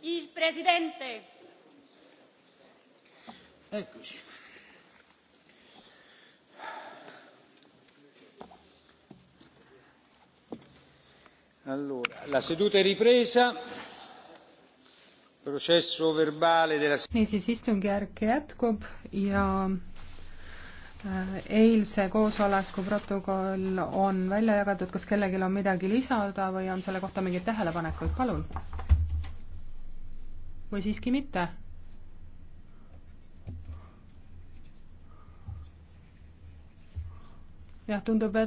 Il Presidente. Eccoci. Allora, la seduta è ripresa niisiis, istungjärk jätkub ja äh, eilse koosoleku protokoll on välja jagatud, kas kellelgi on midagi lisada või on selle kohta mingeid tähelepanekuid, palun? või siiski mitte? jah, tundub, et